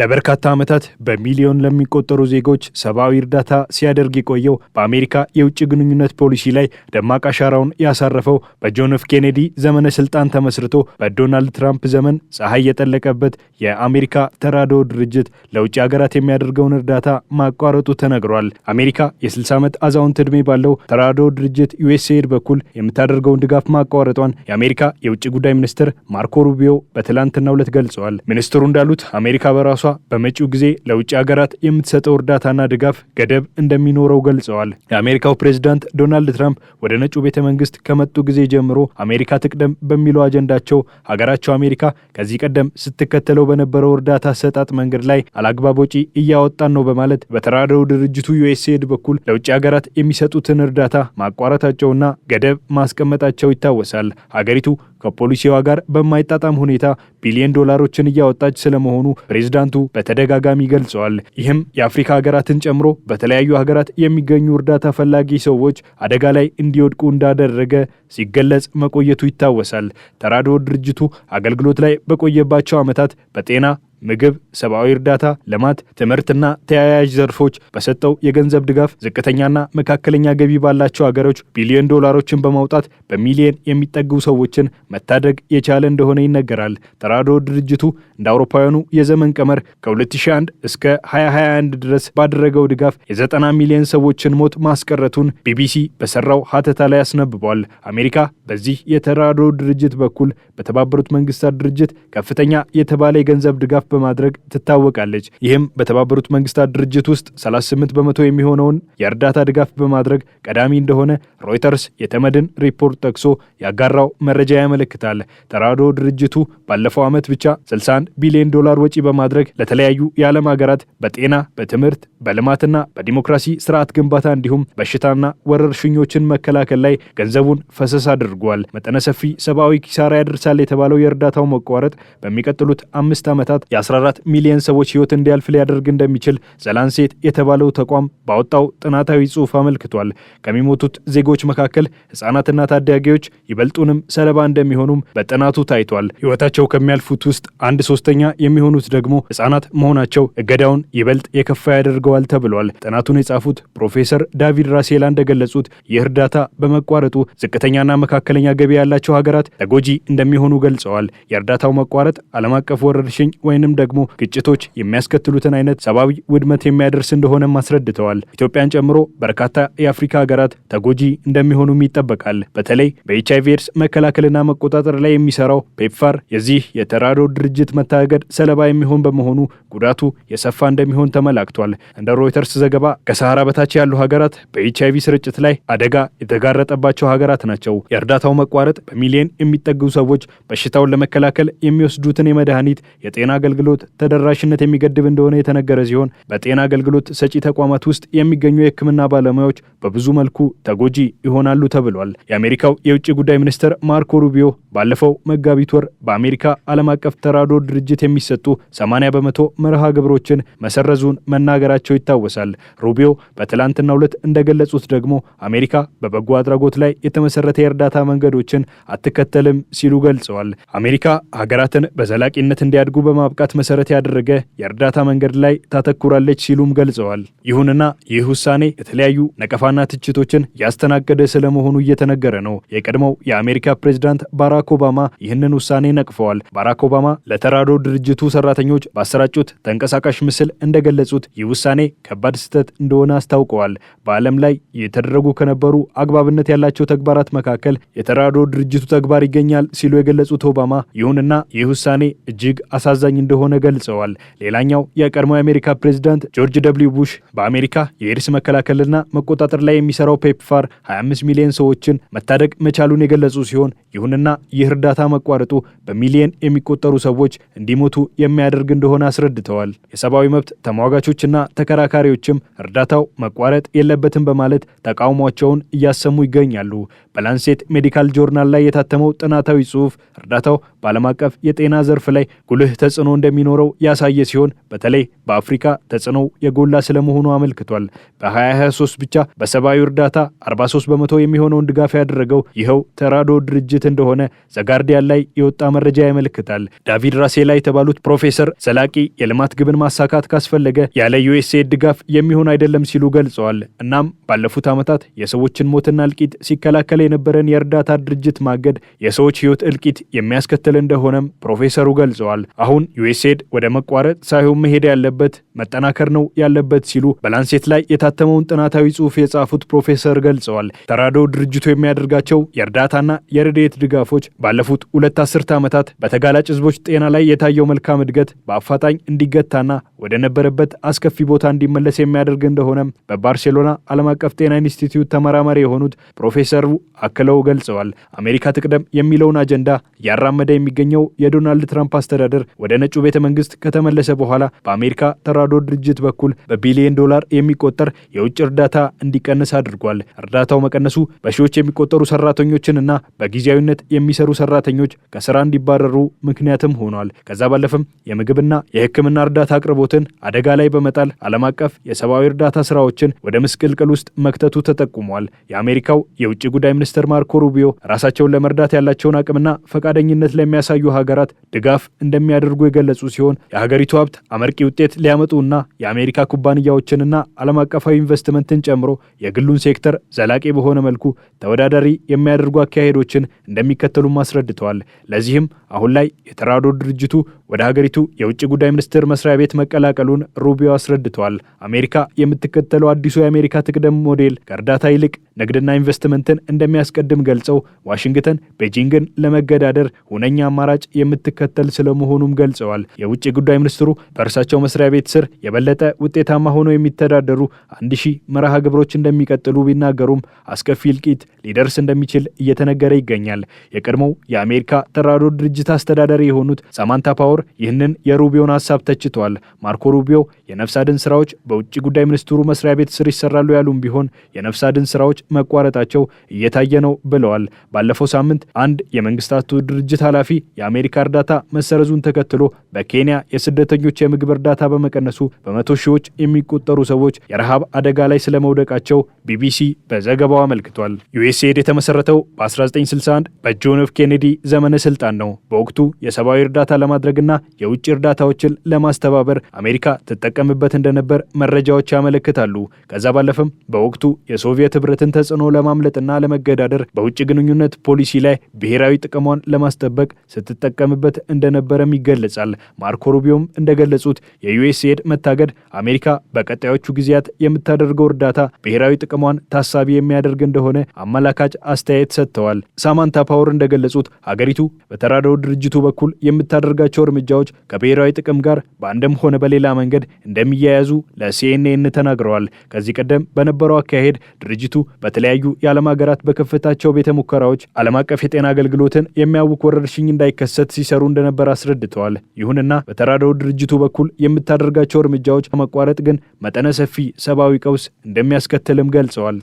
ለበርካታ ዓመታት በሚሊዮን ለሚቆጠሩ ዜጎች ሰብአዊ እርዳታ ሲያደርግ የቆየው በአሜሪካ የውጭ ግንኙነት ፖሊሲ ላይ ደማቅ አሻራውን ያሳረፈው በጆን ኤፍ ኬኔዲ ዘመነ ስልጣን ተመስርቶ በዶናልድ ትራምፕ ዘመን ፀሐይ የጠለቀበት የአሜሪካ ተራድኦ ድርጅት ለውጭ ሀገራት የሚያደርገውን እርዳታ ማቋረጡ ተነግሯል። አሜሪካ የ60 ዓመት አዛውንት ዕድሜ ባለው ተራድኦ ድርጅት ዩኤስኤድ በኩል የምታደርገውን ድጋፍ ማቋረጧን የአሜሪካ የውጭ ጉዳይ ሚኒስትር ማርኮ ሩቢዮ በትላንትናው ዕለት ገልጸዋል። ሚኒስትሩ እንዳሉት አሜሪካ በራሱ ራሷ በመጪው ጊዜ ለውጭ ሀገራት የምትሰጠው እርዳታና ድጋፍ ገደብ እንደሚኖረው ገልጸዋል። የአሜሪካው ፕሬዚዳንት ዶናልድ ትራምፕ ወደ ነጩ ቤተ መንግስት ከመጡ ጊዜ ጀምሮ አሜሪካ ትቅደም በሚለው አጀንዳቸው ሀገራቸው አሜሪካ ከዚህ ቀደም ስትከተለው በነበረው እርዳታ ሰጣጥ መንገድ ላይ አላግባብ ወጪ እያወጣን ነው በማለት በተራደው ድርጅቱ ዩኤስኤድ በኩል ለውጭ ሀገራት የሚሰጡትን እርዳታ ማቋረጣቸውና ገደብ ማስቀመጣቸው ይታወሳል። ሀገሪቱ ከፖሊሲዋ ጋር በማይጣጣም ሁኔታ ቢሊዮን ዶላሮችን እያወጣች ስለመሆኑ ፕሬዚዳንቱ ፕሬዝዳንቱ በተደጋጋሚ ገልጸዋል። ይህም የአፍሪካ ሀገራትን ጨምሮ በተለያዩ ሀገራት የሚገኙ እርዳታ ፈላጊ ሰዎች አደጋ ላይ እንዲወድቁ እንዳደረገ ሲገለጽ መቆየቱ ይታወሳል። ተራድኦ ድርጅቱ አገልግሎት ላይ በቆየባቸው ዓመታት በጤና ምግብ፣ ሰብአዊ እርዳታ፣ ልማት፣ ትምህርትና ተያያዥ ዘርፎች በሰጠው የገንዘብ ድጋፍ ዝቅተኛና መካከለኛ ገቢ ባላቸው ሀገሮች ቢሊዮን ዶላሮችን በማውጣት በሚሊየን የሚጠጉ ሰዎችን መታደግ የቻለ እንደሆነ ይነገራል። ተራድኦ ድርጅቱ እንደ አውሮፓውያኑ የዘመን ቀመር ከ2001 እስከ 2021 ድረስ ባደረገው ድጋፍ የ90 ሚሊዮን ሰዎችን ሞት ማስቀረቱን ቢቢሲ በሰራው ሀተታ ላይ አስነብቧል። አሜሪካ በዚህ የተራድኦ ድርጅት በኩል በተባበሩት መንግስታት ድርጅት ከፍተኛ የተባለ የገንዘብ ድጋፍ በማድረግ ትታወቃለች። ይህም በተባበሩት መንግስታት ድርጅት ውስጥ 38 በመቶ የሚሆነውን የእርዳታ ድጋፍ በማድረግ ቀዳሚ እንደሆነ ሮይተርስ የተመድን ሪፖርት ጠቅሶ ያጋራው መረጃ ያመለክታል። ተራድኦ ድርጅቱ ባለፈው ዓመት ብቻ 61 ቢሊዮን ዶላር ወጪ በማድረግ ለተለያዩ የዓለም ሀገራት በጤና፣ በትምህርት፣ በልማትና በዲሞክራሲ ስርዓት ግንባታ እንዲሁም በሽታና ወረርሽኞችን መከላከል ላይ ገንዘቡን ፈሰስ አድርጓል። መጠነ ሰፊ ሰብአዊ ኪሳራ ያደርሳል የተባለው የእርዳታው መቋረጥ በሚቀጥሉት አምስት ዓመታት 14 ሚሊዮን ሰዎች ህይወት እንዲያልፍ ሊያደርግ እንደሚችል ዘላንሴት የተባለው ተቋም ባወጣው ጥናታዊ ጽሑፍ አመልክቷል። ከሚሞቱት ዜጎች መካከል ህጻናትና ታዳጊዎች ይበልጡንም ሰለባ እንደሚሆኑም በጥናቱ ታይቷል። ህይወታቸው ከሚያልፉት ውስጥ አንድ ሶስተኛ የሚሆኑት ደግሞ ህጻናት መሆናቸው እገዳውን ይበልጥ የከፋ ያደርገዋል ተብሏል። ጥናቱን የጻፉት ፕሮፌሰር ዳቪድ ራሴላ እንደገለጹት ይህ እርዳታ በመቋረጡ ዝቅተኛና መካከለኛ ገቢ ያላቸው ሀገራት ተጎጂ እንደሚሆኑ ገልጸዋል። የእርዳታው መቋረጥ ዓለም አቀፍ ወረርሽኝ ወይም ወይንም ደግሞ ግጭቶች የሚያስከትሉትን አይነት ሰብአዊ ውድመት የሚያደርስ እንደሆነም አስረድተዋል። ኢትዮጵያን ጨምሮ በርካታ የአፍሪካ ሀገራት ተጎጂ እንደሚሆኑም ይጠበቃል። በተለይ በኤች አይቪ ኤድስ መከላከልና መቆጣጠር ላይ የሚሰራው ፔፕፋር የዚህ የተራዶ ድርጅት መታገድ ሰለባ የሚሆን በመሆኑ ጉዳቱ የሰፋ እንደሚሆን ተመላክቷል። እንደ ሮይተርስ ዘገባ ከሰሃራ በታች ያሉ ሀገራት በኤች አይቪ ስርጭት ላይ አደጋ የተጋረጠባቸው ሀገራት ናቸው። የእርዳታው መቋረጥ በሚሊዮን የሚጠጉ ሰዎች በሽታውን ለመከላከል የሚወስዱትን የመድኃኒት የጤና አገልግሎት አገልግሎት ተደራሽነት የሚገድብ እንደሆነ የተነገረ ሲሆን በጤና አገልግሎት ሰጪ ተቋማት ውስጥ የሚገኙ የሕክምና ባለሙያዎች በብዙ መልኩ ተጎጂ ይሆናሉ ተብሏል። የአሜሪካው የውጭ ጉዳይ ሚኒስትር ማርኮ ሩቢዮ ባለፈው መጋቢት ወር በአሜሪካ ዓለም አቀፍ ተራድኦ ድርጅት የሚሰጡ 80 በመቶ መርሃ ግብሮችን መሰረዙን መናገራቸው ይታወሳል። ሩቢዮ በትላንትናው ዕለት እንደገለጹት ደግሞ አሜሪካ በበጎ አድራጎት ላይ የተመሰረተ የእርዳታ መንገዶችን አትከተልም ሲሉ ገልጸዋል። አሜሪካ ሀገራትን በዘላቂነት እንዲያድጉ በማብቃት ብቃት መሰረት ያደረገ የእርዳታ መንገድ ላይ ታተኩራለች ሲሉም ገልጸዋል። ይሁንና ይህ ውሳኔ የተለያዩ ነቀፋና ትችቶችን ያስተናገደ ስለመሆኑ እየተነገረ ነው። የቀድሞው የአሜሪካ ፕሬዚዳንት ባራክ ኦባማ ይህንን ውሳኔ ነቅፈዋል። ባራክ ኦባማ ለተራዶ ድርጅቱ ሰራተኞች ባሰራጩት ተንቀሳቃሽ ምስል እንደገለጹት ይህ ውሳኔ ከባድ ስህተት እንደሆነ አስታውቀዋል። በዓለም ላይ የተደረጉ ከነበሩ አግባብነት ያላቸው ተግባራት መካከል የተራዶ ድርጅቱ ተግባር ይገኛል ሲሉ የገለጹት ኦባማ ይሁንና ይህ ውሳኔ እጅግ አሳዛኝ እንደ እንደሆነ ገልጸዋል። ሌላኛው የቀድሞ የአሜሪካ ፕሬዚዳንት ጆርጅ ደብሊው ቡሽ በአሜሪካ የኤድስ መከላከልና መቆጣጠር ላይ የሚሰራው ፔፕፋር 25 ሚሊዮን ሰዎችን መታደግ መቻሉን የገለጹ ሲሆን ይሁንና ይህ እርዳታ መቋረጡ በሚሊዮን የሚቆጠሩ ሰዎች እንዲሞቱ የሚያደርግ እንደሆነ አስረድተዋል። የሰብአዊ መብት ተሟጋቾችና ተከራካሪዎችም እርዳታው መቋረጥ የለበትም በማለት ተቃውሟቸውን እያሰሙ ይገኛሉ። በላንሴት ሜዲካል ጆርናል ላይ የታተመው ጥናታዊ ጽሑፍ እርዳታው በዓለም አቀፍ የጤና ዘርፍ ላይ ጉልህ ተጽዕኖ እንደሚኖረው ያሳየ ሲሆን በተለይ በአፍሪካ ተጽዕኖው የጎላ ስለመሆኑ አመልክቷል። በ2023 ብቻ በሰብአዊ እርዳታ 43 በመቶ የሚሆነውን ድጋፍ ያደረገው ይኸው ተራዶ ድርጅት እንደሆነ ዘጋርዲያን ላይ የወጣ መረጃ ያመለክታል። ዳቪድ ራሴላ የተባሉት ፕሮፌሰር ዘላቂ የልማት ግብን ማሳካት ካስፈለገ ያለ ዩኤስኤድ ድጋፍ የሚሆን አይደለም ሲሉ ገልጸዋል። እናም ባለፉት ዓመታት የሰዎችን ሞትና እልቂት ሲከላከል የነበረን የእርዳታ ድርጅት ማገድ የሰዎች ህይወት እልቂት የሚያስከትል እንደሆነም ፕሮፌሰሩ ገልጸዋል። አሁን ዩኤስኤድ ወደ መቋረጥ ሳይሆን መሄድ ያለበት መጠናከር ነው ያለበት ሲሉ በላንሴት ላይ የታተመውን ጥናታዊ ጽሑፍ የጻፉት ፕሮፌሰር ገልጸዋል። ተራዶ ድርጅቱ የሚያደርጋቸው የእርዳታና የረድኤት ድጋፎች ባለፉት ሁለት አስርተ ዓመታት በተጋላጭ ህዝቦች ጤና ላይ የታየው መልካም እድገት በአፋጣኝ እንዲገታና ወደ ነበረበት አስከፊ ቦታ እንዲመለስ የሚያደርግ እንደሆነም በባርሴሎና ዓለም አቀፍ ጤና ኢንስቲትዩት ተመራማሪ የሆኑት ፕሮፌሰሩ አክለው ገልጸዋል። አሜሪካ ትቅደም የሚለውን አጀንዳ እያራመደ የሚገኘው የዶናልድ ትራምፕ አስተዳደር ወደ ነጩ ቤተ መንግስት ከተመለሰ በኋላ በአሜሪካ ተራድኦ ድርጅት በኩል በቢሊዮን ዶላር የሚቆጠር የውጭ እርዳታ እንዲቀንስ አድርጓል። እርዳታው መቀነሱ በሺዎች የሚቆጠሩ ሰራተኞችንና በጊዜያዊነት የሚሰሩ ሰራተኞች ከስራ እንዲባረሩ ምክንያትም ሆኗል። ከዛ ባለፈም የምግብና የሕክምና እርዳታ አቅርቦትን አደጋ ላይ በመጣል ዓለም አቀፍ የሰብአዊ እርዳታ ስራዎችን ወደ ምስቅልቅል ውስጥ መክተቱ ተጠቁሟል። የአሜሪካው የውጭ ጉዳይ ሚኒስትር ማርኮ ሩቢዮ ራሳቸውን ለመርዳት ያላቸውን አቅምና ፈቃደኝነት ለሚያሳዩ ሀገራት ድጋፍ እንደሚያደርጉ የገለጹ ሲሆን የሀገሪቱ ሀብት አመርቂ ውጤት ሊያመጡና የአሜሪካ ኩባንያዎችንና ዓለም አቀፋዊ ኢንቨስትመንትን ጨምሮ የግሉን ሴክተር ዘላቂ በሆነ መልኩ ተወዳዳሪ የሚያደርጉ አካሄዶችን እንደሚከተሉም አስረድተዋል። ለዚህም አሁን ላይ የተራድኦ ድርጅቱ ወደ ሀገሪቱ የውጭ ጉዳይ ሚኒስትር መስሪያ ቤት መቀላቀሉን ሩቢዮ አስረድተዋል። አሜሪካ የምትከተለው አዲሱ የአሜሪካ ትቅደም ሞዴል ከእርዳታ ይልቅ ንግድና ኢንቨስትመንትን እንደሚ እንደሚያስቀድም ገልጸው ዋሽንግተን ቤጂንግን ለመገዳደር ሁነኛ አማራጭ የምትከተል ስለመሆኑም ገልጸዋል። የውጭ ጉዳይ ሚኒስትሩ በእርሳቸው መስሪያ ቤት ስር የበለጠ ውጤታማ ሆነው የሚተዳደሩ አንድ ሺህ መርሃ ግብሮች እንደሚቀጥሉ ቢናገሩም አስከፊ እልቂት ሊደርስ እንደሚችል እየተነገረ ይገኛል። የቀድሞው የአሜሪካ ተራድኦ ድርጅት አስተዳዳሪ የሆኑት ሳማንታ ፓወር ይህንን የሩቢዮን ሀሳብ ተችተዋል። ማርኮ ሩቢዮ የነፍስ አድን ስራዎች በውጭ ጉዳይ ሚኒስትሩ መስሪያ ቤት ስር ይሰራሉ ያሉም ቢሆን የነፍስ አድን ስራዎች መቋረጣቸው እየታ። እየታየ ነው ብለዋል። ባለፈው ሳምንት አንድ የመንግስታቱ ድርጅት ኃላፊ የአሜሪካ እርዳታ መሰረዙን ተከትሎ በኬንያ የስደተኞች የምግብ እርዳታ በመቀነሱ በመቶ ሺዎች የሚቆጠሩ ሰዎች የረሃብ አደጋ ላይ ስለመውደቃቸው ቢቢሲ በዘገባው አመልክቷል። ዩኤስኤድ የተመሰረተው በ1961 በጆን ኤፍ ኬኔዲ ዘመነ ስልጣን ነው። በወቅቱ የሰብአዊ እርዳታ ለማድረግና የውጭ እርዳታዎችን ለማስተባበር አሜሪካ ትጠቀምበት እንደነበር መረጃዎች ያመለክታሉ። ከዛ ባለፈም በወቅቱ የሶቪየት ህብረትን ተጽዕኖ ለማምለጥና ለመገ አስተዳደር በውጭ ግንኙነት ፖሊሲ ላይ ብሔራዊ ጥቅሟን ለማስጠበቅ ስትጠቀምበት እንደነበረም ይገለጻል። ማርኮ ሩቢዮም እንደገለጹት የዩኤስኤድ መታገድ አሜሪካ በቀጣዮቹ ጊዜያት የምታደርገው እርዳታ ብሔራዊ ጥቅሟን ታሳቢ የሚያደርግ እንደሆነ አመላካች አስተያየት ሰጥተዋል። ሳማንታ ፓወር እንደገለጹት ሀገሪቱ በተራድኦ ድርጅቱ በኩል የምታደርጋቸው እርምጃዎች ከብሔራዊ ጥቅም ጋር በአንድም ሆነ በሌላ መንገድ እንደሚያያዙ ለሲኤንኤን ተናግረዋል። ከዚህ ቀደም በነበረው አካሄድ ድርጅቱ በተለያዩ የዓለም ሀገራት በከፍ በከፈታቸው ቤተ ሙከራዎች ዓለም አቀፍ የጤና አገልግሎትን የሚያውቅ ወረርሽኝ እንዳይከሰት ሲሰሩ እንደነበር አስረድተዋል። ይሁንና በተራድኦ ድርጅቱ በኩል የምታደርጋቸው እርምጃዎች ከመቋረጥ ግን መጠነ ሰፊ ሰብአዊ ቀውስ እንደሚያስከትልም ገልጸዋል።